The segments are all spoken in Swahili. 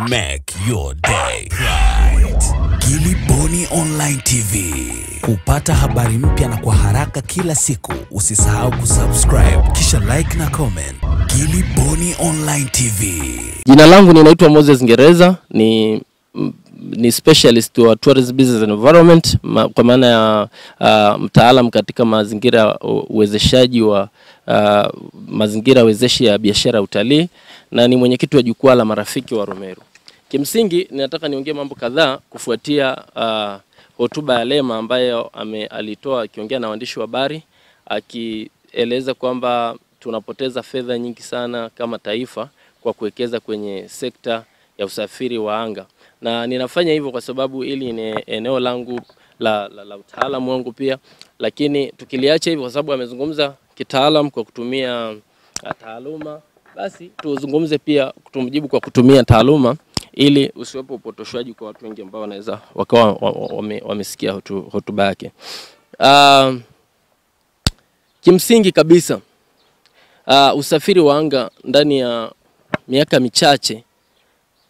Make your day right. Gilly Bonny Online TV. Kupata habari mpya na kwa haraka kila siku, usisahau kusubscribe kisha like na comment. Gilly Bonny Online TV. Jina langu ninaitwa Moses Ngereza, ni ni specialist wa tourism business environment ma, kwa maana ya uh, mtaalam katika mazingira ya uwezeshaji wa uh, mazingira wezeshi ya biashara ya utalii na ni mwenyekiti wa jukwaa la marafiki wa Rumeru. Kimsingi ninataka niongee mambo kadhaa kufuatia uh, hotuba ya Lema ambayo ame, alitoa akiongea na waandishi wa habari akieleza kwamba tunapoteza fedha nyingi sana kama taifa kwa kuwekeza kwenye sekta ya usafiri wa anga, na ninafanya hivyo kwa sababu hili ni eneo langu la, la, la utaalamu wangu pia, lakini tukiliacha hivi, kwa sababu amezungumza kitaalam kwa kutumia ah, taaluma, basi tuzungumze pia kutumjibu kwa kutumia taaluma ili usiwepo upotoshwaji kwa watu wengi ambao wanaweza wakawa wamesikia wame hotuba yake. Uh, kimsingi kabisa uh, usafiri wa anga ndani ya miaka michache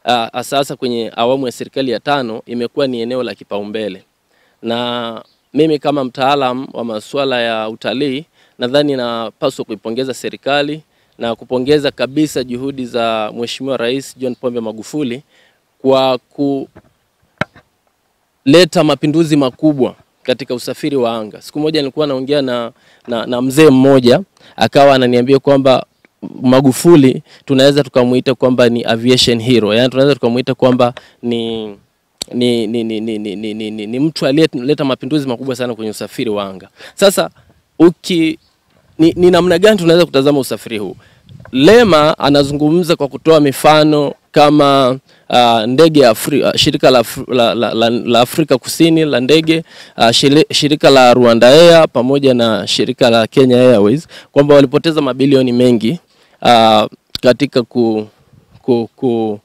uh, sasa kwenye awamu ya serikali ya tano imekuwa ni eneo la kipaumbele na mimi kama mtaalam wa masuala ya utalii nadhani napaswa kuipongeza serikali na kupongeza kabisa juhudi za Mheshimiwa Rais John Pombe Magufuli kwa kuleta mapinduzi makubwa katika usafiri wa anga. Siku moja nilikuwa naongea na, na, na mzee mmoja akawa ananiambia kwamba Magufuli tunaweza tukamuita kwamba ni aviation hero, yani tunaweza tukamuita kwamba ni ni, ni, ni, ni, ni, ni, ni, ni mtu aliyeleta mapinduzi makubwa sana kwenye usafiri wa anga. Sasa uki ni, ni namna gani tunaweza kutazama usafiri huu? Lema anazungumza kwa kutoa mifano kama uh, ndege ya Afri, uh, shirika la, la, la, la Afrika Kusini la ndege uh, shirika la Rwanda Air pamoja na shirika la Kenya Airways kwamba walipoteza mabilioni mengi uh, katika ku, ku, ku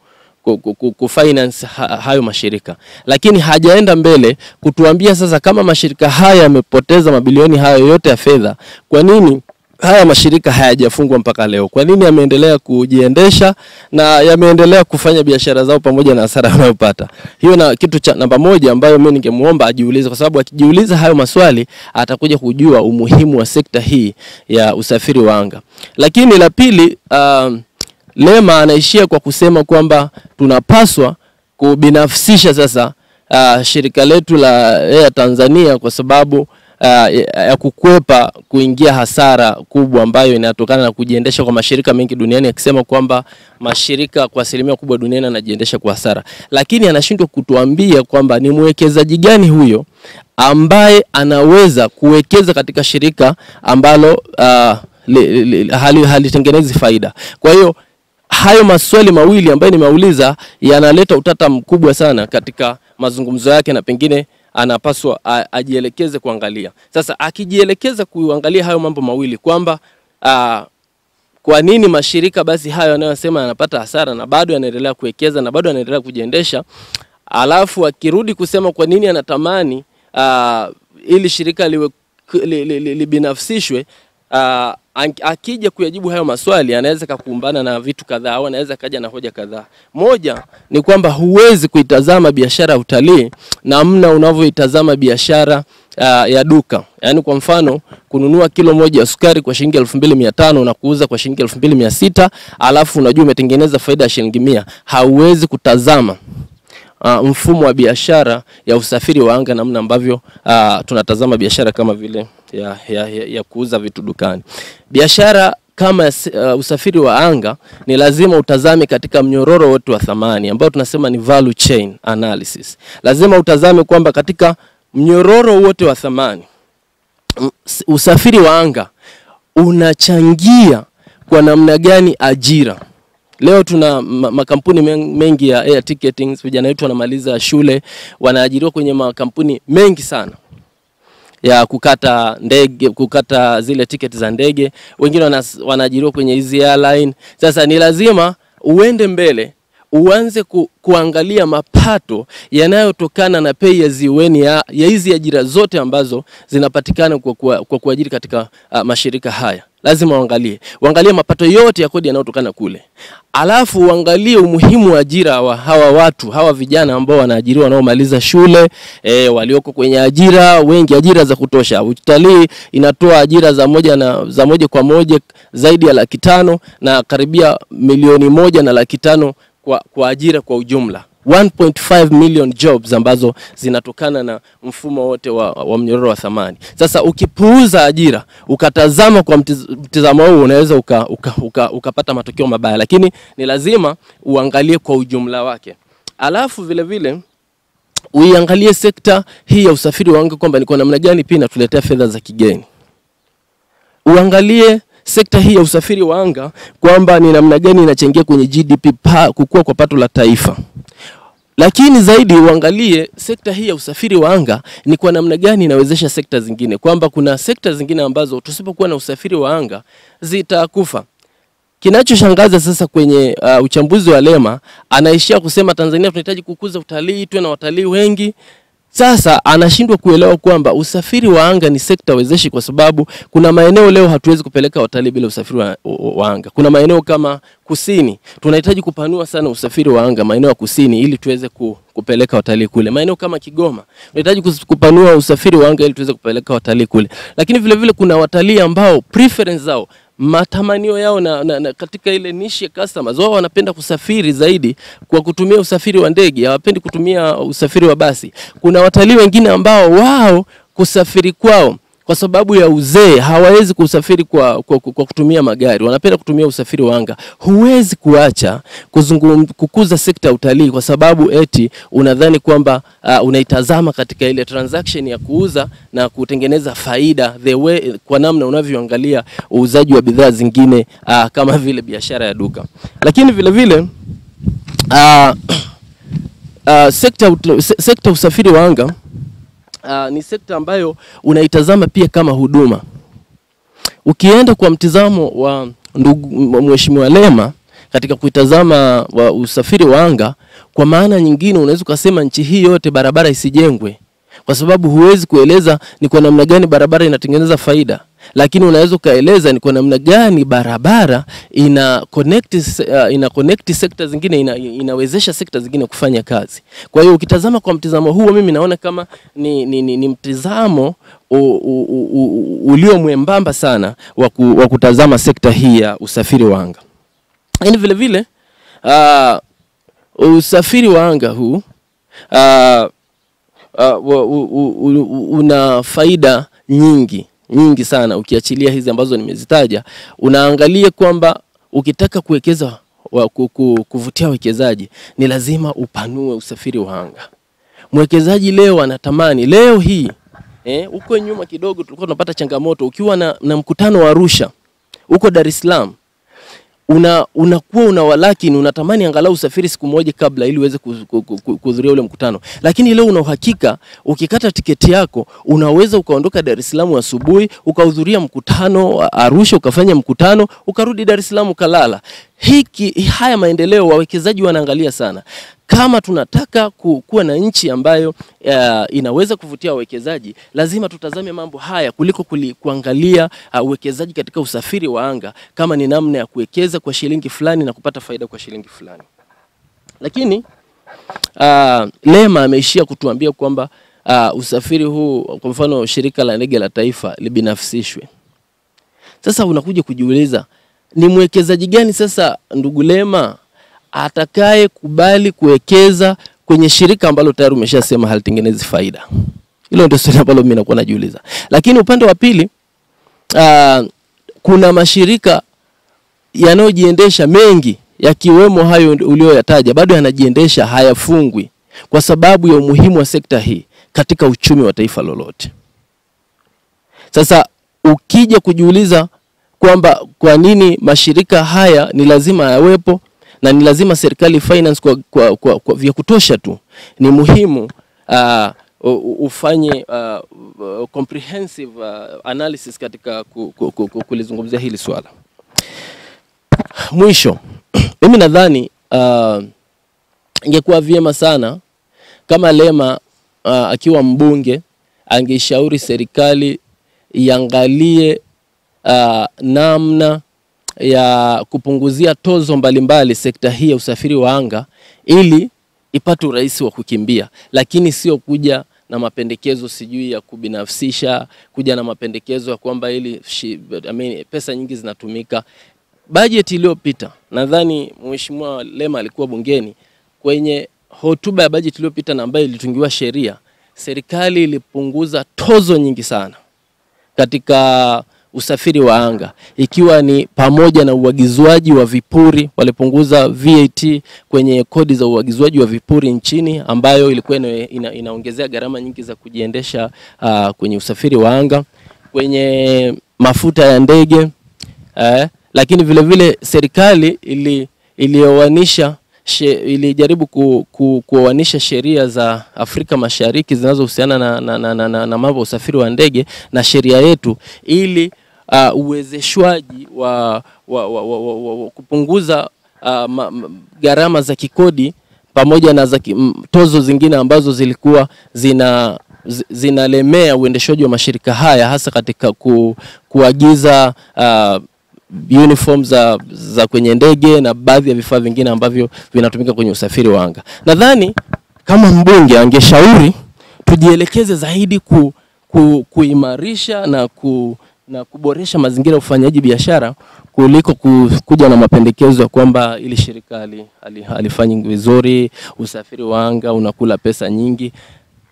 kufinance hayo mashirika, lakini hajaenda mbele kutuambia sasa, kama mashirika haya yamepoteza mabilioni hayo yote ya fedha, kwa nini haya mashirika hayajafungwa mpaka leo? Kwa nini yameendelea kujiendesha na yameendelea kufanya biashara zao pamoja na hasara wanayopata? Hiyo na kitu cha namba moja ambayo mimi ningemuomba ajiulize, kwa sababu akijiuliza hayo maswali atakuja kujua umuhimu wa sekta hii ya usafiri wa anga. Lakini la pili um, Lema anaishia kwa kusema kwamba tunapaswa kubinafsisha sasa uh, shirika letu la Air eh, Tanzania kwa sababu uh, ya kukwepa kuingia hasara kubwa ambayo inatokana na kujiendesha kwa mashirika mengi duniani, akisema kwamba mashirika kwa asilimia kubwa duniani anajiendesha kwa hasara, lakini anashindwa kutuambia kwamba ni mwekezaji gani huyo ambaye anaweza kuwekeza katika shirika ambalo uh, halitengenezi hali faida. Kwa hiyo hayo maswali mawili ambayo nimeuliza yanaleta utata mkubwa sana katika mazungumzo yake, na pengine anapaswa ajielekeze kuangalia. Sasa akijielekeza kuangalia hayo mambo mawili kwamba kwa nini mashirika basi hayo anayosema yanapata hasara na bado yanaendelea kuwekeza na bado yanaendelea kujiendesha, alafu akirudi kusema kwa nini anatamani ili shirika liwe libinafsishwe li, li, li, akija kuyajibu hayo maswali anaweza kakumbana na vitu kadhaa au anaweza kaja na hoja kadhaa. Moja ni kwamba huwezi kuitazama biashara ya utalii namna unavyoitazama biashara uh, ya duka. Yaani kwa mfano kununua kilo moja ya sukari kwa shilingi 2500 na kuuza kwa shilingi 2600 alafu unajua umetengeneza faida ya shilingi mia, hauwezi kutazama uh, mfumo wa biashara ya usafiri wa anga, namna ambavyo uh, tunatazama biashara kama vile ya, ya, ya, ya kuuza vitu dukani. Biashara kama uh, usafiri wa anga ni lazima utazame katika mnyororo wetu wa thamani ambao tunasema ni value chain analysis. Lazima utazame kwamba katika mnyororo wote wa thamani usafiri wa anga unachangia kwa namna gani ajira Leo tuna makampuni mengi ya air ticketing. Vijana wetu wanamaliza shule wanaajiriwa kwenye makampuni mengi sana ya kukata ndege, kukata zile tiketi za ndege. Wengine wanaajiriwa kwenye hizi airline. Sasa ni lazima uende mbele uanze ku, kuangalia mapato yanayotokana na pei ya ziweni ya hizi ajira zote ambazo zinapatikana kwa, kwa, kwa kuajiri katika uh, mashirika haya. Lazima uangalie uangalie mapato yote ya kodi yanayotokana kule, alafu uangalie umuhimu wa ajira wa hawa watu hawa vijana ambao wanaajiriwa wanaomaliza shule e, walioko kwenye ajira wengi, ajira za kutosha. Utalii inatoa ajira za moja, na, za moja kwa moja zaidi ya laki tano na karibia milioni moja na laki tano kwa, kwa ajira kwa ujumla 1.5 million jobs ambazo zinatokana na mfumo wote wa, wa mnyororo wa thamani. Sasa ukipuuza ajira ukatazama kwa mtizamo huu unaweza ukapata uka, uka, uka matokeo mabaya, lakini ni lazima uangalie kwa ujumla wake, alafu vilevile vile, uiangalie sekta hii ya usafiri wa anga kwamba ni kwa namna gani pia inatuletea fedha za kigeni, uangalie sekta hii ya usafiri wa anga kwamba ni namna gani inachangia kwenye GDP pa, kukua kwa pato la taifa. Lakini zaidi uangalie sekta hii ya usafiri wa anga ni kwa namna gani inawezesha sekta zingine, kwamba kuna sekta zingine ambazo tusipokuwa na usafiri wa anga zitakufa. Kinachoshangaza sasa kwenye uh, uchambuzi wa Lema anaishia kusema Tanzania tunahitaji kukuza utalii, tuwe na watalii wengi sasa anashindwa kuelewa kwamba usafiri wa anga ni sekta wezeshi, kwa sababu kuna maeneo leo hatuwezi kupeleka watalii bila usafiri wa, wa, wa anga. Kuna maeneo kama kusini, tunahitaji kupanua sana usafiri wa anga maeneo ya kusini, ili tuweze ku, kupeleka watalii kule. Maeneo kama Kigoma tunahitaji kupanua usafiri wa anga ili tuweze kupeleka watalii kule, lakini vilevile vile kuna watalii ambao preference zao matamanio yao na, na, na katika ile niche ya customers wao wanapenda kusafiri zaidi kwa kutumia usafiri wa ndege, hawapendi kutumia usafiri wa basi. Kuna watalii wengine ambao wao kusafiri kwao kwa sababu ya uzee hawawezi kusafiri kwa, kwa, kwa kutumia magari, wanapenda kutumia usafiri wa anga. Huwezi kuacha kuzungum, kukuza sekta ya utalii kwa sababu eti unadhani kwamba uh, unaitazama katika ile transaction ya kuuza na kutengeneza faida the way, kwa namna unavyoangalia uuzaji wa bidhaa zingine uh, kama vile biashara ya duka, lakini vile vile uh, uh, sekta, sekta usafiri wa anga uh, ni sekta ambayo unaitazama pia kama huduma. Ukienda kwa mtizamo wa ndugu Mheshimiwa Lema katika kuitazama wa usafiri wa anga, kwa maana nyingine unaweza ukasema nchi hii yote barabara isijengwe kwa sababu huwezi kueleza ni kwa namna gani barabara inatengeneza faida, lakini unaweza ukaeleza ni kwa namna gani barabara ina connect, uh, ina connect sekta zingine ina, inawezesha sekta zingine kufanya kazi. Kwa hiyo ukitazama kwa mtizamo huo, mimi naona kama ni, ni, ni, ni mtizamo ulio mwembamba sana wa kutazama sekta hii ya usafiri wa anga, lakini vile vile uh, usafiri wa anga huu uh, uh, una faida nyingi nyingi sana, ukiachilia hizi ambazo nimezitaja. Unaangalia kwamba ukitaka kuwekeza kuvutia wawekezaji ni lazima upanue usafiri wa anga. Mwekezaji leo anatamani leo hii eh, huko eh, nyuma kidogo tulikuwa tunapata changamoto ukiwa na, na mkutano wa Arusha huko Dar es Salaam una unakuwa unawalakini unatamani angalau usafiri siku moja kabla ili uweze kuhudhuria ule mkutano, lakini leo una uhakika, ukikata tiketi yako unaweza ukaondoka Dar es Salaam asubuhi ukahudhuria mkutano Arusha, ukafanya mkutano ukarudi Dar es Salaam ukalala hiki haya maendeleo wawekezaji wanaangalia sana. Kama tunataka kuwa na nchi ambayo uh, inaweza kuvutia wawekezaji, lazima tutazame mambo haya kuliko kuli, kuangalia uwekezaji uh, katika usafiri wa anga kama ni namna ya kuwekeza kwa shilingi fulani na kupata faida kwa shilingi fulani. Lakini uh, Lema ameishia kutuambia kwamba uh, usafiri huu kwa mfano shirika la ndege la taifa libinafsishwe. Sasa unakuja kujiuliza ni mwekezaji gani sasa, ndugu Lema, atakaye kubali kuwekeza kwenye shirika ambalo tayari umeshasema halitengenezi faida? Hilo ndio swali ambalo mimi nakuwa najiuliza. Lakini upande wa pili, uh, kuna mashirika yanayojiendesha mengi yakiwemo hayo uliyoyataja, bado yanajiendesha, hayafungwi kwa sababu ya umuhimu wa sekta hii katika uchumi wa taifa lolote. Sasa ukija kujiuliza kwamba kwa nini mashirika haya ni lazima yawepo na ni lazima serikali finance kwa, kwa, kwa, kwa vya kutosha tu. Ni muhimu uh, ufanye uh, comprehensive uh, analysis katika ku, ku, ku, ku, kulizungumzia hili swala. Mwisho, mimi nadhani uh, ingekuwa vyema sana kama Lema uh, akiwa mbunge angeishauri serikali iangalie uh, namna ya kupunguzia tozo mbalimbali sekta hii ya usafiri wa anga ili ipate urahisi wa kukimbia, lakini sio kuja na mapendekezo sijui ya kubinafsisha, kuja na mapendekezo ya kwamba ili I mean, pesa nyingi zinatumika. Bajeti iliyopita nadhani Mheshimiwa Lema alikuwa bungeni kwenye hotuba ya bajeti iliyopita na ambayo ilitungiwa sheria, serikali ilipunguza tozo nyingi sana katika usafiri wa anga, ikiwa ni pamoja na uagizwaji wa vipuri. Walipunguza VAT kwenye kodi za uagizwaji wa vipuri nchini, ambayo ilikuwa ina, inaongezea gharama nyingi za kujiendesha uh, kwenye usafiri wa anga, kwenye mafuta ya ndege eh, lakini vile vile serikali ili iliyowanisha ilijaribu ku, ku, kuoanisha sheria za Afrika Mashariki zinazohusiana na, na, na, na, na mambo ya usafiri wa ndege na sheria yetu ili uh, uwezeshwaji wa, wa, wa, wa, wa, wa, wa kupunguza uh, gharama za kikodi pamoja na za tozo zingine ambazo zilikuwa zina zinalemea uendeshaji wa mashirika haya hasa katika ku, kuagiza uh, uniform za, za kwenye ndege na baadhi ya vifaa vingine ambavyo vinatumika kwenye usafiri wa anga. Nadhani kama mbunge angeshauri tujielekeze zaidi ku, ku, kuimarisha na ku, na kuboresha mazingira ya ufanyaji biashara kuliko kuja na mapendekezo ya kwamba ili shirika alifanyi vizuri, usafiri wa anga unakula pesa nyingi.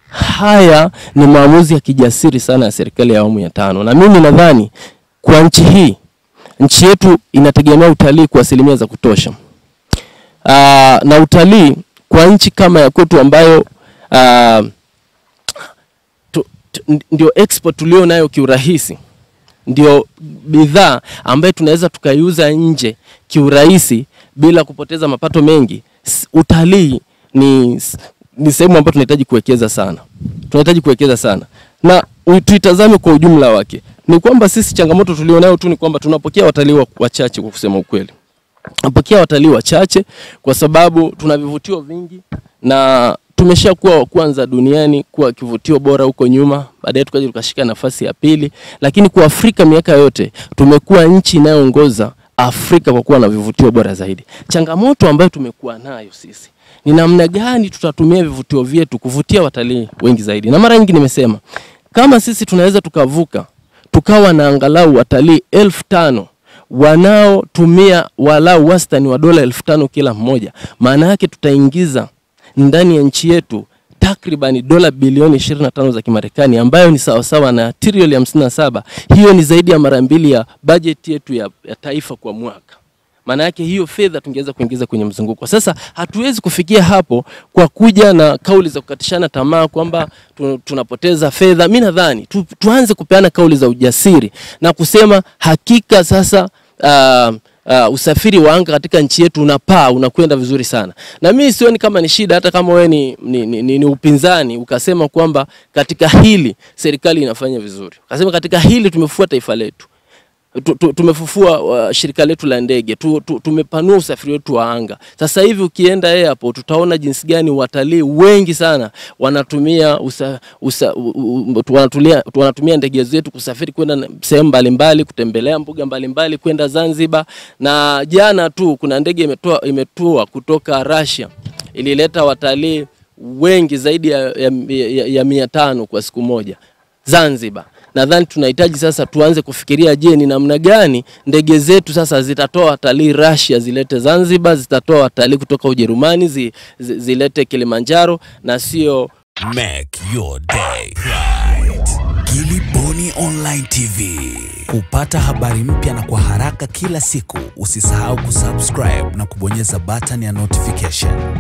Haya ni maamuzi ya kijasiri sana ya serikali ya awamu ya tano, na mimi nadhani kwa nchi hii, nchi yetu inategemea utalii kwa asilimia za kutosha. Aa, ah, na utalii kwa nchi kama ya kwetu ambayo aa, ah, ndio export tulio nayo kiurahisi ndio bidhaa ambayo tunaweza tukaiuza nje kiurahisi bila kupoteza mapato mengi. Utalii ni, ni sehemu ambayo tunahitaji kuwekeza sana, tunahitaji kuwekeza sana na tuitazame kwa ujumla wake. Ni kwamba sisi changamoto tulionayo tu ni kwamba tunapokea watalii wachache, kwa kusema ukweli, tunapokea watalii wachache kwa sababu tuna vivutio vingi na tumesha kuwa wa kwanza duniani kuwa kivutio bora huko nyuma, baadaye tukaja tukashika nafasi ya pili, lakini kwa Afrika miaka yote tumekuwa nchi inayoongoza Afrika kwa kuwa na vivutio bora zaidi. Changamoto ambayo tumekuwa nayo sisi ni namna gani tutatumia vivutio vyetu kuvutia watalii wengi zaidi, na mara nyingi nimesema kama sisi tunaweza tukavuka tukawa na angalau watalii elfu tano wanaotumia walau wastani wa dola elfu tano kila mmoja, maana yake tutaingiza ndani ya nchi yetu takriban dola bilioni 25 za Kimarekani ambayo ni sawasawa na trilioni 57. Hiyo ni zaidi ya mara mbili ya bajeti yetu ya, ya taifa kwa mwaka. Maana yake hiyo fedha tungeweza kuingiza kwenye mzunguko. Sasa hatuwezi kufikia hapo kwa kuja na kauli za kukatishana tamaa kwamba tunapoteza fedha. Mimi nadhani tu, tuanze kupeana kauli za ujasiri na kusema hakika sasa uh, uh, usafiri wa anga katika nchi yetu unapaa unakwenda vizuri sana, na mimi sioni kama ni shida, hata kama wewe ni, ni, ni, ni, ni upinzani ukasema kwamba katika hili serikali inafanya vizuri, ukasema katika hili tumefua taifa letu tumefufua uh, shirika letu la ndege tu, tu, tumepanua usafiri wetu wa anga. Sasa hivi ukienda airport utaona jinsi gani watalii wengi sana wanatumia usa, usa, u, u, wanatulia, wanatumia ndege zetu kusafiri kwenda sehemu mbalimbali, kutembelea mbuga mbalimbali, kwenda Zanzibar. Na jana tu kuna ndege imetua, imetua kutoka Russia ilileta watalii wengi zaidi ya, ya, ya, ya mia tano kwa siku moja Zanzibar nadhani tunahitaji sasa tuanze kufikiria, je, ni namna gani ndege zetu sasa zitatoa watalii Russia zilete Zanzibar, zitatoa watalii kutoka Ujerumani zi, zi, zilete Kilimanjaro na sio Make your day right. Gilly Bonny Online TV. Kupata habari mpya na kwa haraka kila siku, usisahau kusubscribe na kubonyeza button ya notification.